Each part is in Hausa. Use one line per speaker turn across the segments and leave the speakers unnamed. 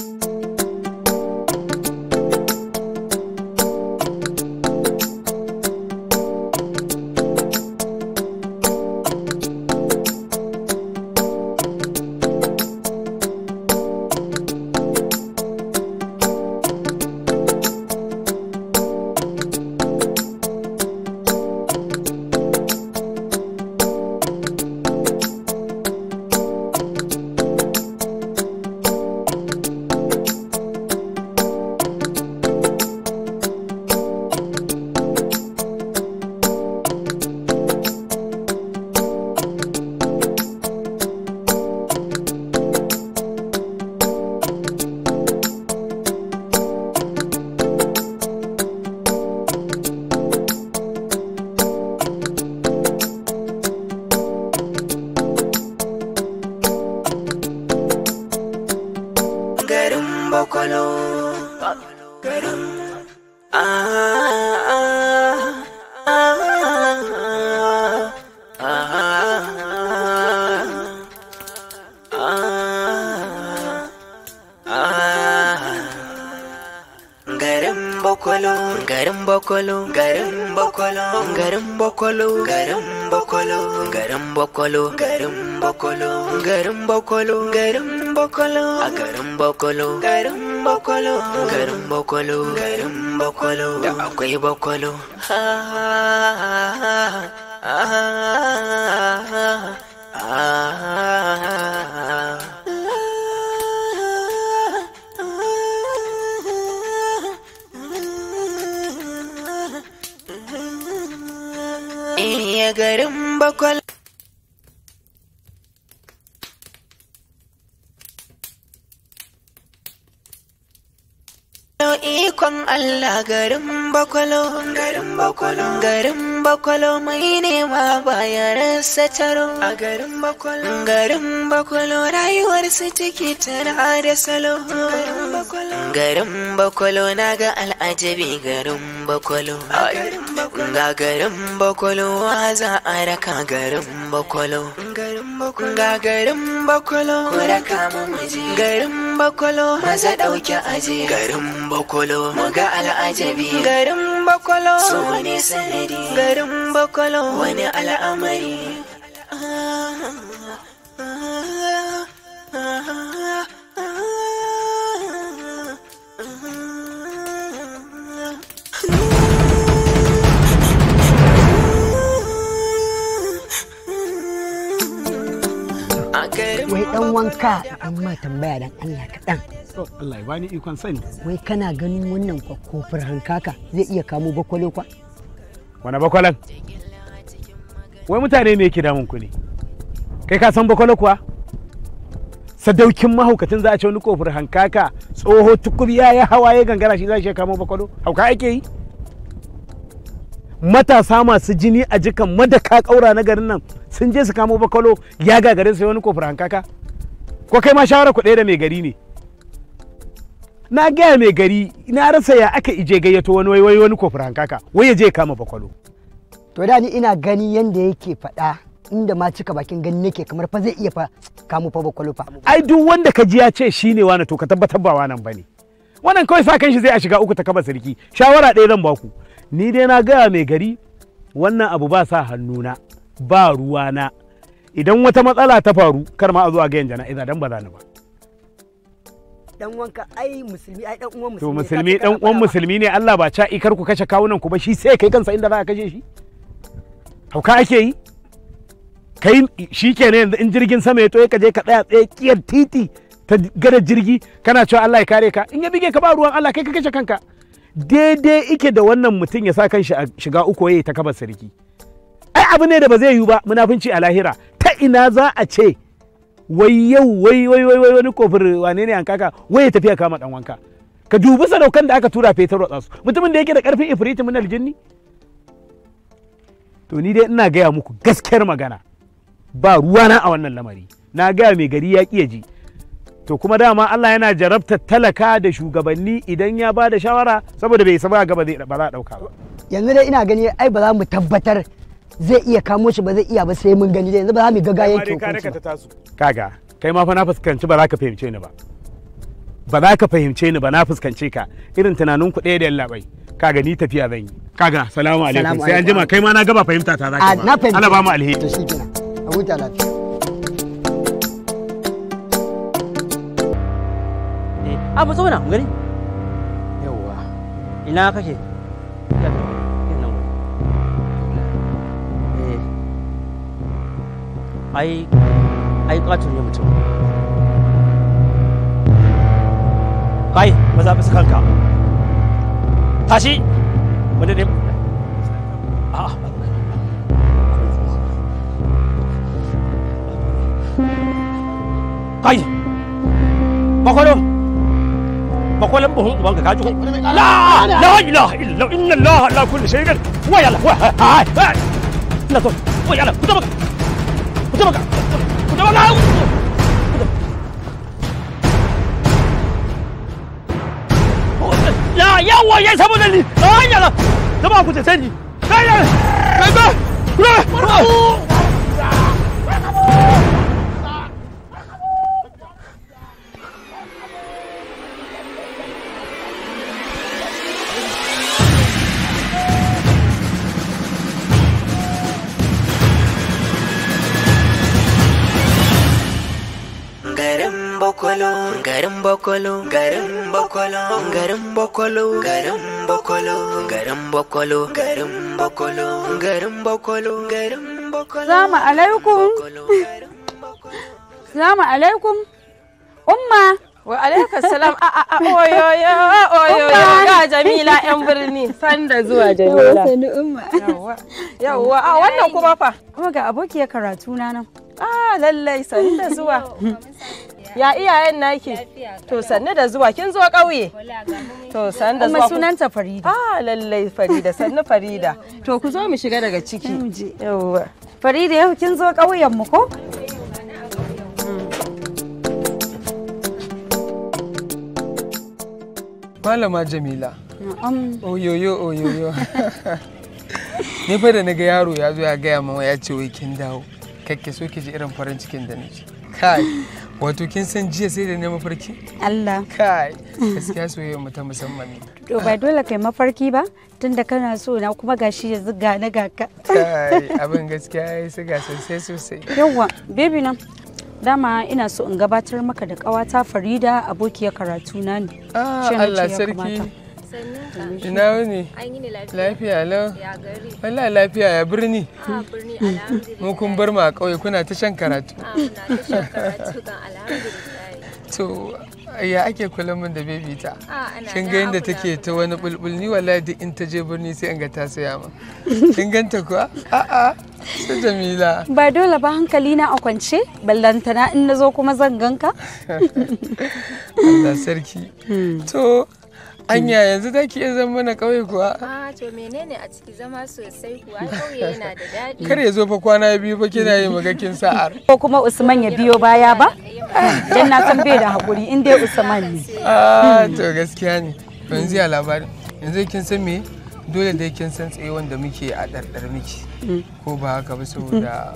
Thank you. bakwalo garin bakwalo garin bakwalo garin bakwalo garin bakwalo garin bokolo. a garin bakwalo garin bakwalo garin bokolo garin bakwalo da akwai ha ha ha ha ha garin bakwal ikon Allah garin bakwalo garin bakwalo garin bakwalo mai nema baya rasa taro a garin bakwalo garin bakwalo rayuwar su take tana da salo garin bakwalo garin bakwalo na ga al'ajabi garin bakwalo ga garin bakwalo wa za a raka garin bakwalo ga garin bakwalo raka mamaji garin bakwalo maza dauke aje garin bakwalo ga al'ajabi garin bakwalo su wani sanadi garin bakwalo wani al'amari
wanka amma ma tambaya dan Allah kaɗan. Allah ya bani ikon sani. Wai kana ganin wannan kofar hankaka zai iya kamo bakwalo kwa?
Wane bakwalan? Wai mutane me yake damun ku ne? Kai ka san bakwalo kuwa? Sadaukin mahaukacin za a ce wani kofar hankaka tsoho tukuri ya yi hawa ya gangara shi za shi kamo bakwalo? Hauka ake yi? matasa masu jini a jikan madaka kaura na garin nan sun je su kamo bakwalo ya gagare su wani kofar hankaka ko kai ma shawara ku ɗaya da mai gari ne na gaya mai gari na rasa ya aka ije gayyato wani wai wani kofuran kaka wai ya je kama bakwalo
to da ni ina gani yanda yake faɗa inda ma cika bakin gani nake kamar fa zai iya fa kamu fa bakwalo fa
ai duk wanda ka ji ya ce shine wani to ka tabbatar ba wannan bane wannan kawai sa kan shi zai a shiga uku ta kaba sarki shawara ɗaya zan baku ni dai na gaya mai gari wannan abu ba sa hannuna ba ruwana idan wata matsala ta faru kar ma a zo a gayan jana'iza dan ba za ni ba
dan
wanka ai musulmi ai dan uwan musulmi to
musulmi dan uwan musulmi ne Allah ba ca ikar ku kashe kawunan ku ba shi sai kai kansa inda za ka kashe shi hauka ake yi kai shi kenan yanzu in jirgin sama ya toye ka je ka tsaya tsaye kiyar titi ta gada jirgi kana cewa Allah ya kare ka in ya bige ka ba ruwan Allah kai ka kashe kanka daidai ike da wannan mutum ya sa a shiga uku yayi ta kaba sarki ai abu ne da ba zai yiwu ba munafunci a lahira ta ina za a ce wai yau wai wai wai wani kofar wane ne hankaka wai ya tafiya kama dan wanka ka dubi sadaukan da aka tura fetur watsa su mutumin da yake da karfin ifriti min aljinni to ni dai ina gaya muku gaskiyar magana ba ruwana a wannan lamari na gaya mai gari ya kiya ji to kuma dama Allah yana jarabta talaka da shugabanni idan ya ba da shawara saboda bai saba gaba ba za a ɗauka ba
yanzu dai ina gani ai ba za mu tabbatar zai iya kamo shi ba zai iya ba sai mun gani yanzu ba za mu gaga yanke hukunci
ba kaga kai ma fa na fuskanci ba za ka fahimce ni ba ba za ka fahimce ni ba na fuskanci ka irin tunanin ku ɗaya da yallaɓai kaga ni tafiya zan yi kaga salamu alaikum sai an jima kai ma na gaba fahimta ta za ka ba Allah ba mu alheri to shi kenan
a huta lafiya eh, Abu zauna gani yawwa ina kake أي أي قاتل يمتو
kai maza bisa kanka tashi wanda ne a kai bakwalo bakwalan buhun ubanka kaji ko la la ilaha illa inna allaha la kulli shay'in wa yalla wa ha ha la to wa yalla kutaba 这么干，我他妈打不走，呀，要我也才不认你，哎呀了，怎么不认你？来人，来人，过来，过来。
bokolo garin bakwalo garin bakwalo garin bakwalo garin bakwalo garin bakwalo garin bakwalo garin bokolo
salamu alaikum salamu alaikum umma wa alaikum salam
a a a oyoyo oyoyo ga jamila yan birni sanda
zuwa jamila
yawa a wannan kuma fa kuma ga abokiyar karatu na nan a ah, lallai da zuwa Ya iyayen naki? To sannu da zuwa kin zo kauye To san da zuwa. sunanta Farida. Ah lallai Farida sannu Farida. To ku zo mu shiga daga ciki. yauwa
Farida yau kin zo kauyen mu ko? Hmm.
Malama Jamila. Oyoyo oyoyo. Ni fa da naga yaro ya zo ya gaya min ya ce wai kin dawo. Kakke so ki ji irin farin cikin da nake. Kai. wato kin san jiya sai da ne mafarki
Allah kai
gaskiya soyayya mu ta musamman ne to ba
dole kai mafarki ba tunda kana so na kuma gashi ya zuga na ga ka kai
abin gaskiya yayi siga sosai sosai
yawa baby nan dama ina so in gabatar maka da ƙawata Farida abokiyar karatu na ne ah, Allah sarki
ina wuni lafiya lau wala lafiya ya birni ah, mu kun bar ma a kauye kuna ta shan karatu
ah,
to ya ake kula min da bebi ah, ta kin ga yadda take ta wani bulbul ni wallahi duk in ta je birni sai in ga ta saya ma kin ganta kuwa a'a su jamila
ba dole ba hankali na a kwance ballantana in nazo kuma zan ganka
Allah sarki hmm. to Anya yanzu za ki iya zama mana ƙauye kuwa?
Ah to menene a ciki
zama sosai kuwa ƙauye yana da
daɗi. Kar ya
zo fa kwana biyu fa kina yin magakin sa'ar.
Ko kuma Usman ya biyo baya ba? Dan na san bai da haƙuri in dai Usman ne.
Ah to gaskiya ne. Yanzu ya labari. Yanzu kin san me? Dole dai kin san tsaye wanda muke a ɗarɗar miki. Mm. Ko ba haka ba saboda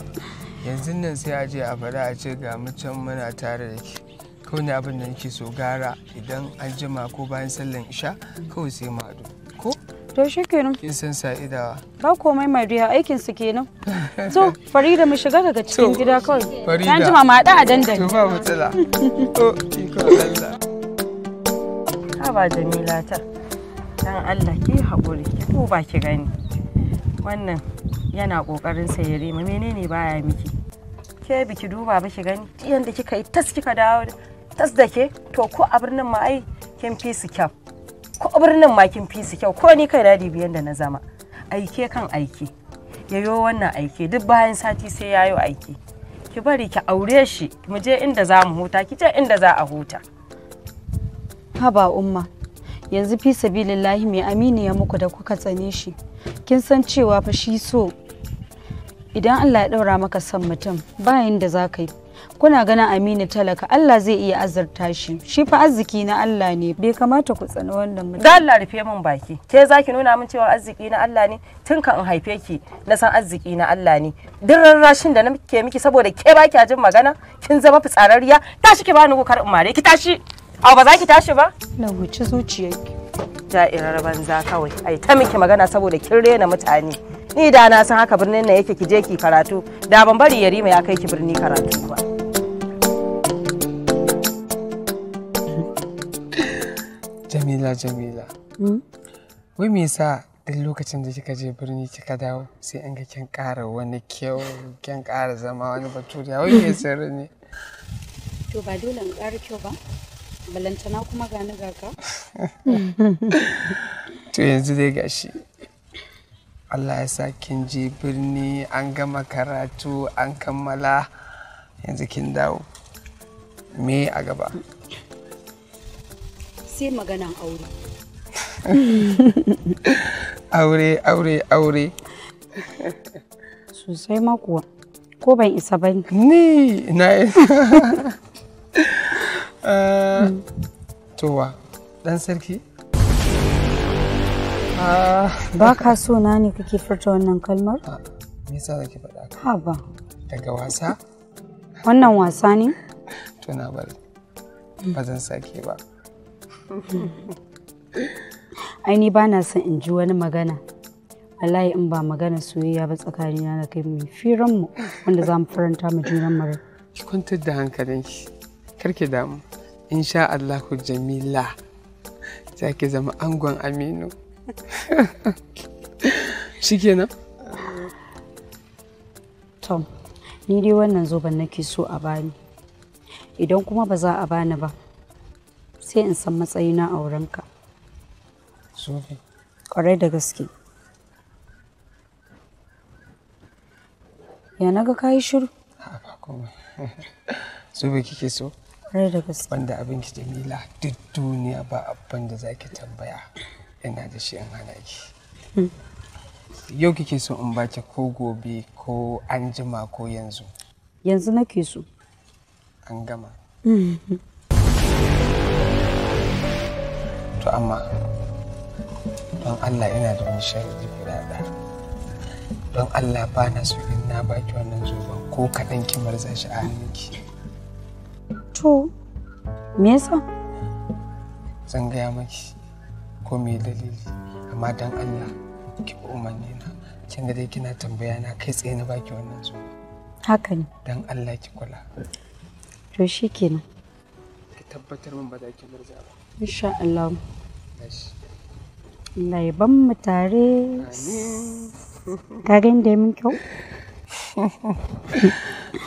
yanzu nan sai a je a faɗa a ce ga mu can muna tare da ki. kawai ne abin da nake so gara idan an jima ko bayan sallan isha kawai sai mu ko to shi kenan kin san sa'idawa
ba komai mariya aikin su kenan to farida mu shiga daga cikin gida kawai farida an jima ma a dandan to ba matsala to
iko Allah
ha ba jamila ta dan Allah ki haƙuri ki duba ki gani wannan yana kokarin sayare ma menene baya miki ke biki duba ba ki gani yanda kika yi tas kika dawo tas da ke to ko a birnin ma ai kin fi su kyau ko a birnin ma kin fi su kyau ko ni kai dadi biyan da na zama aike kan aike yayo wannan aike duk bayan sati sai ya yayo aike ki bari ki aure shi mu je inda za mu huta ki je inda za a huta
haba umma yanzu fi sabilillahi mai amini ya muku da kuka tsane shi kin san cewa fa shi so idan Allah ya daura maka son mutum bayan da za ka yi kuna ganin aminu talaka Allah zai iya azurta shi shi fa arziki na Allah ne bai kamata ku tsani wannan mutum da
Allah rufe min baki ke zaki nuna min cewa arziki na Allah ne tun kan in haife ki na san arziki na Allah ne duk rarrashin da ke miki saboda ke baki jin magana kin zama fitsararriya tashi ki bani gukar umare ki tashi au ba za ki tashi ba na huci zuciyarki ja'irar banza kawai ai ta miki magana saboda kin rena mutane ni da na san haka birnin na yake ki je ki karatu da ban bari yarima ya kai ki birni karatu ba
Jamila Jamila. Hmm? Wai me yasa duk lokacin da kika je birni kika dawo sai an ga kin ƙara wani kyau kin ƙara zama wani baturiya wai me sirri ne?
To ba dole in ƙara kyau ba. Balantana kuma ga ni ka.
To yanzu dai gashi. Allah ya sa kin je birni an gama karatu an kammala yanzu kin dawo. Me a gaba?
sai maganan aure aure aure aure sosai makuwa ko ban isa ba ni na eh, towa ɗan sarki ah, ba ka so na ne kake furta wannan kalmar ah, me yasa zaki faɗa ka ha ba daga wasa wannan wasa ne
tuna bari ba zan sake ba
ai ni ba na son in ji wani magana wallahi in ba magana soyayya ba tsakanina na kai mai firan mu wanda za mu faranta mu junan mu
ki kwantar da hankalinki karki damu insha Allahu Jamila za ki zama angon Aminu shikenan
Tom ni dai wannan zo zoben nake so a bani idan kuma ba za a bani ba sai in san matsayina a wurinka sofi ƙwarai da gaske ya na ga kayi shiru ba
komai sofi kike so ƙwarai da gaske wanda abin ki jamila duk duniya ba abin da zaki tambaya ina da shi in hana ki hmm. yau kike so in baki ko gobe ko anjima ko yanzu
yanzu nake so an gama hmm.
to amma don allah ina da wani sharadi guda da, don allah ba na so in na baki wannan zoben ko kaɗan ki marza shi a hannunki
to me yasa
zan gaya maki ko me dalili amma don allah ki bi umarni na kin ga dai kina tambaya na kai tsaye na baki wannan zoben haka ne don allah ki kula
to shikenan
ki tabbatar min ba za ki marza ba insha Allah
Allah ya ban mu tare ka gani inda min kyau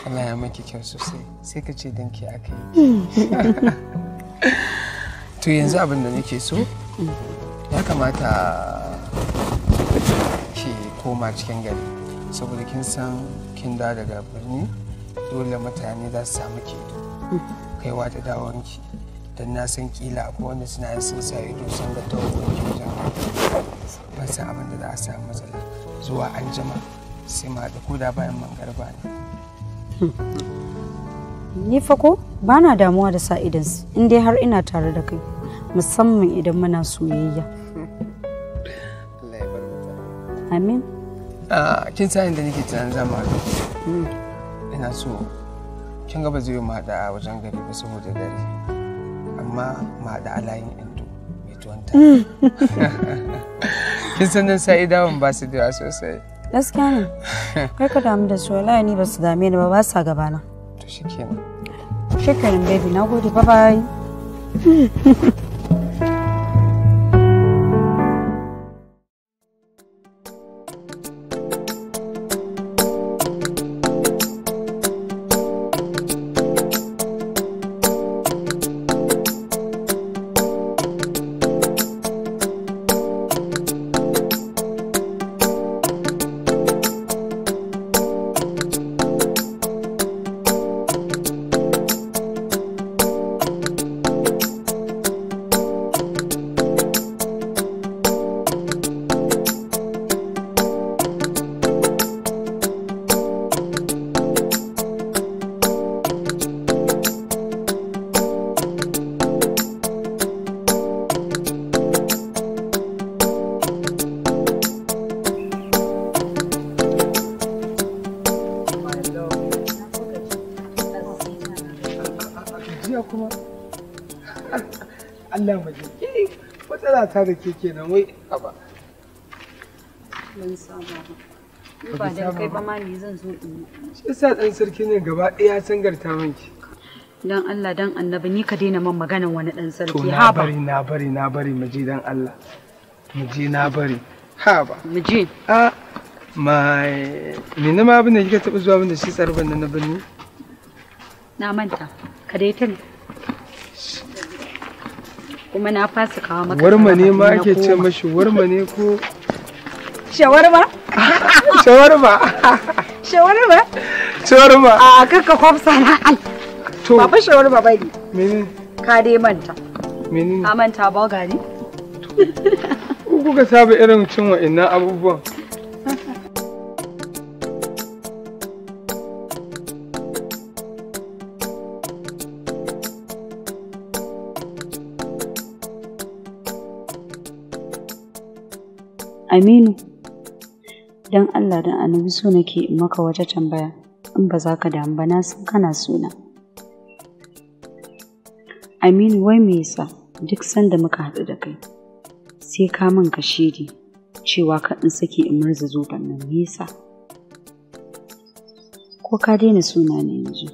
Allah ya maki kyau sosai sai ka ce danki aka yi
to
yanzu abin da nake so mm. ya kamata ki koma cikin gari saboda kin san kin da daga birni dole mutane za su samu ke mm. kaiwa da dawonki don na san kila akwai wanda suna yin sun sa ido sun ga ta wajen kyautar ban san abin da za a samu matsala zuwa an jama sai ma da koda bayan garba ne
hmm. ni fa ko ba na damuwa da sa idan in dai har ina tare da kai musamman idan muna soyayya amin
kin sa da nake tunanin zama hmm. ina so kin ga ba zai yi ma da wajen gari ba saboda dare ma mu haɗu a layin indo mai mm. kin san nan sai ban ba su da sosai
gaskiya ne kai ka damu da su wallahi ni ba su dame ni ba ba sa gaba na to shikenan shikenan baby na gode bye bye
ta da ke kenan wai a ba ban
ba ba da kai ba mali zan zo in shi sa dan sarki ne gaba ɗaya sangarta manki dan Allah dan annabi ni ka daina man maganan wani dan sarki ha ba bari
na bari na bari mu je dan Allah mu je na bari ha ba mu je a mai ni na ma abin da kika taɓa zuwa abin da shi tsarban na na
na manta ka dai tana kuma na fasa kawo maka warma ne ma ake ce mashi warma ne ko shawarma shawarma shawarma shawarma a kakka kwafsa na al to ba shawarma ba ne mene ka dai manta mene ka manta ba gari
ku kuka saba irin cin wa'annan abubuwan
Aminu, don Allah don annabi so nake in maka wata tambaya in ba za ka damu ba na san kana suna. Aminu wai me yasa duk sanda muka haɗu da kai sai ka min ka shiri cewa ka in sake in murza zoben nan me yasa? Ko ka daina suna ne yanzu?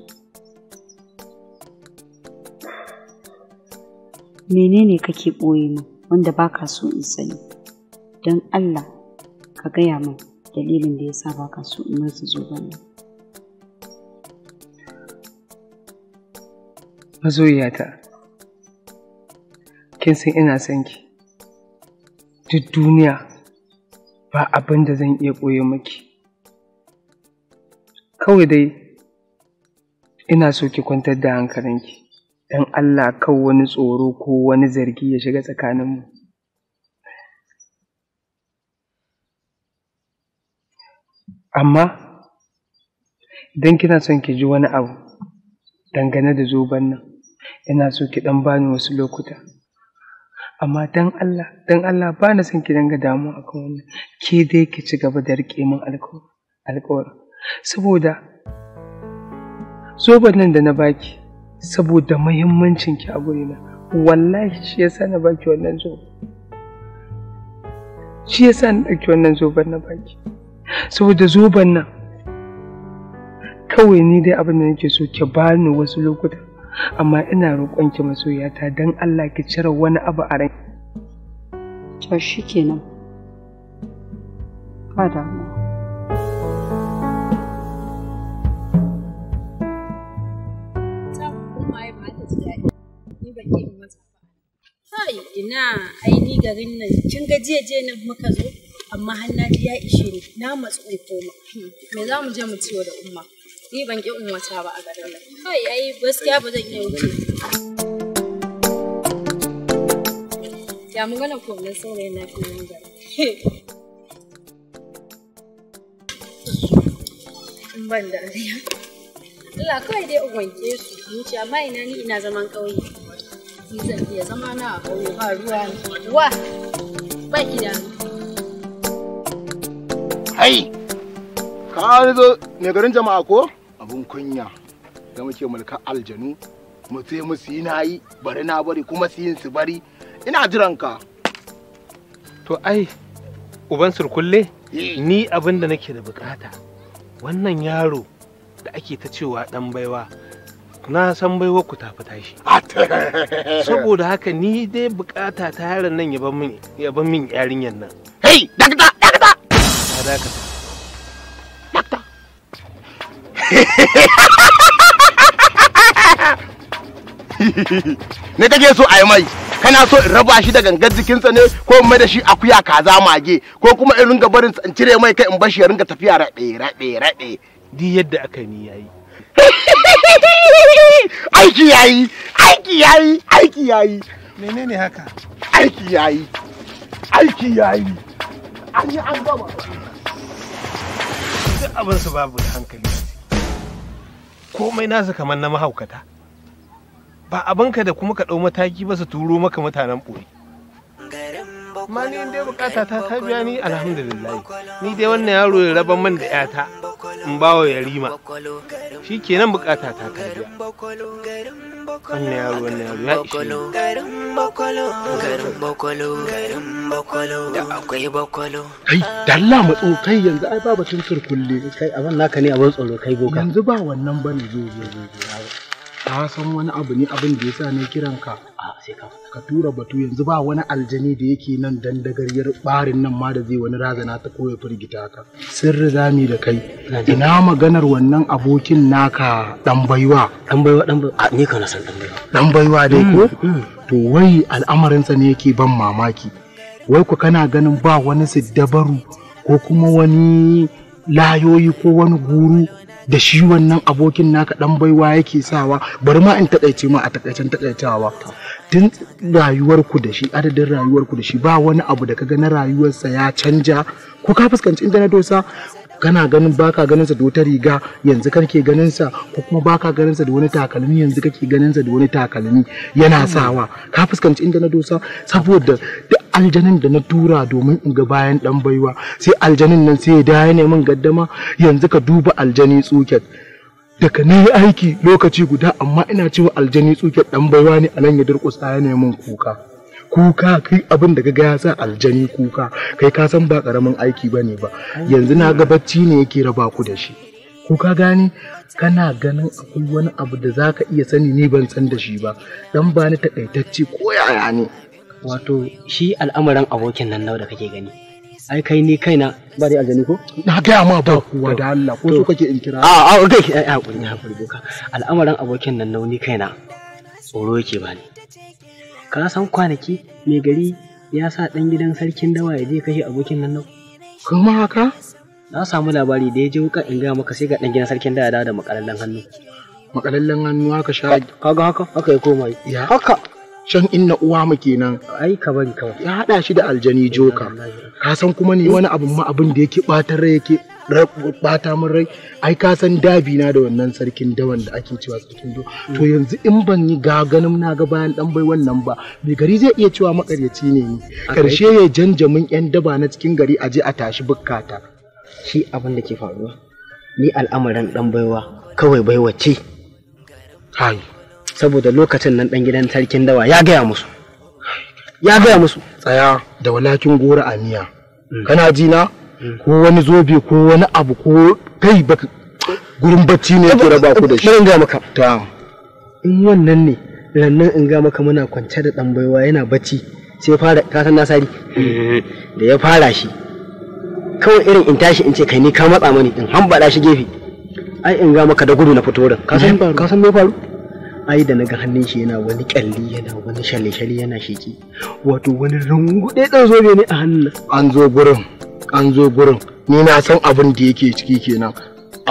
Menene kake ɓoye min wanda baka so in sani? don Allah ka gaya min dalilin da ya sa ba ka so in su zo nan.
Mazoyata, kin san ina son ki, duk duniya ba abin da zan iya koyo maki. Kawai dai ina so ki kwantar da hankalinki, don Allah kawai wani tsoro ko wani zargi ya shiga tsakaninmu. Amma idan kina son ki ji wani abu dangane da zoben nan, ina so ki dan bani wasu lokuta. Amma dan Allah, dan Allah ba na son ki dinga damuwa akan wannan. Ke dai ki ci gaba da rike min alƙawarin. Saboda zoben nan da na baki, saboda mahimmancin ki a na wallahi shi yasa na baki wannan zoben. Shi yasa na ɗauki wannan zoben na baki. saboda zoben nan kawai ni dai abin da nake so ki ni wasu lokuta amma ina roƙon ki masoyata don Allah ki cire wani
abu a rai to shikenan ka damu ina ai ni garin nan kin gajeje nan muka zo amma hannaji ya ishe
ni na matsu in koma hmm. me za mu je mu ciwo da umma ni ban ki umwata ba a garin nan
kai yayi gaskiya ba zan iya wuce ya mun gana ko na saurayin na filin gari in ban dariya Allah kawai dai in wanke su wuce amma ina ni ina zaman ƙauye ni zan iya zama na a ƙauye ba ruwa wa ba idanu
Hai! ka zo ne garin jama'a ko abun kunya da muke mulkar aljanu mu sai mu yi na yi bari na bari kuma su yin su bari ina jiran ka
to ai uban surkulle
eh. ni abin da nake da bukata wannan yaro da ake ta cewa dan baiwa
na san baiwa ku tafi tashi
saboda
haka ni dai bukata ta yaron nan ya ban min yarinyar nan hey dakta
ka
dakata ne kake so a yi mai kana so in raba shi da gangar jikinsa ne ko in da shi akuya kaza mage ko kuma in ringa barin in cire mai kai in bashi ya ringa tafiya raɗe raɗe raɗe di yadda aka ni yayi aiki yayi aiki yayi aiki yayi menene haka aiki yayi aiki yayi an yi an gaba. duk abin su babu da hankali
komai nasu kamar na mahaukata ba abinka da kuma ka ɗau mataki ba su turo maka mutanen ɓoye ma ni dai bukata ta ta biya ni alhamdulillah ni dai wannan yaro ya raba man da yata in bawa yarima shi kenan bukata ta ta biya wannan
ya kai
dalla matso
kai yanzu ai ba batun surkulle kai abin naka ne abin tsoro kai boka yanzu ba wannan bane zo zo zo ka san wani abu ne abin da sa na kiran ka sai ka tura batu yanzu ba wani aljani da yake nan dan dagariyar barin nan ma da zai wani razana ta koya firgita ka sirri zami da kai ina maganar wannan abokin naka dan baiwa dan baiwa dan baiwa ni ka na san dan baiwa dan baiwa dai ko mm, mm. to wai al'amarinsa ne yake ban mamaki wai ku kana ganin ba wani siddabaru ko kuma wani layoyi ko wani guru da shi wannan abokin naka dan baiwa yake sawa bari ma in takaice ma a takaicen takaitawa tun rayuwar ku da shi adadin rayuwar ku da shi ba wani abu da kaga na rayuwarsa ya canja ko ka fuskanci inda na dosa kana ganin baka ganin sa da wata riga yanzu kake ganin sa ko kuma baka ganin sa da wani takalmi yanzu kake ganin sa da wani takalmi yana sawa ka fuskanci inda na dosa saboda aljanin da na tura domin in ga bayan dan baiwa sai aljanin nan sai ya daya ne min gaddama yanzu ka duba aljani tsuket daga na yi aiki lokaci guda amma ina cewa aljani tsoket dan baiwa ne a ya durkusa ya ne min kuka kuka kai abin da ga ya sa aljani kuka kai ka san ba karamin aiki ba ne ba yanzu na ga bacci ne yake raba ku da shi Kuka gani kana ganin akwai wani abu da za ka iya sani ni ban san da shi ba dan ba ni takaitacce ko yaya ne wato shi al'amarin
abokin nan nau da kake gani
ai kai ni kaina ba dai aljani ko na ga ma ba kuwa da Allah ko so kake in kira
a a kai ai hakuri hakuri boka al'amarin abokin nan nau ni kaina tsoro yake ba ni. ka san kwanaki mai gari ya sa dan gidan sarkin dawa ya je kashe abokin nan nau kuma haka na samu labari da ya je wuka in ga maka sai ga dan gidan sarkin dawa da makarallan hannu
makarallan hannu haka sha kaga haka haka ya koma haka Shan inna uwa mu kenan ai ka bari kawai ya hada shi da aljani joka ka san kuma ni wani abun ma abun da yake batar rai yake bata min rai ai ka san dabi na da wannan sarkin dawan da ake cewa sarkin do to yanzu in ban yi gaganin na ga bayan dan bai wannan ba mai gari zai iya cewa makaryaci ne ni karshe ya janjamin yan daba na cikin gari aje a tashi bukkata shi abin da ke faruwa ni al'amarin dan baiwa kawai baiwa ce hai
saboda lokacin nan dan gidan sarkin dawa ya gaya musu
ya gaya musu tsaya da walakin gora a miya kana ji na ko wani zobe ko wani abu ko kai baka gurin bacci ne ko raba ku da shi in ga maka ta
in wannan ne rannan in ga maka muna kwance da dan baiwa yana bacci sai fara ka san nasari eh. da ya fara shi kawai irin in tashi in ce kai ni ka matsa mani in hambada shi gefe ai in ga maka da gudu na fito ran ka san ka san me faru ai da naga hannun shi yana wani kyalli yana wani shale-shale yana sheki
wato wani rungude dan zobe ne a hannun an zo gurin an zo gurin ni na san abin da yake ciki kenan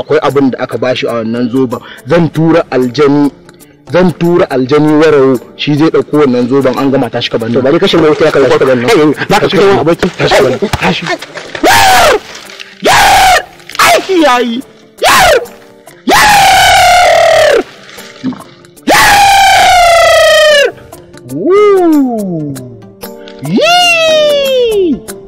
akwai abin da aka bashi a wannan zoba zan tura aljani zan tura aljani warawo shi zai dauko wannan zoban an gama tashi kaban to bari ka mai wuta ka kallon kaban nan za ka wuta aboki tashi kaban tashi aiki yayi yau yau Woo! Yee!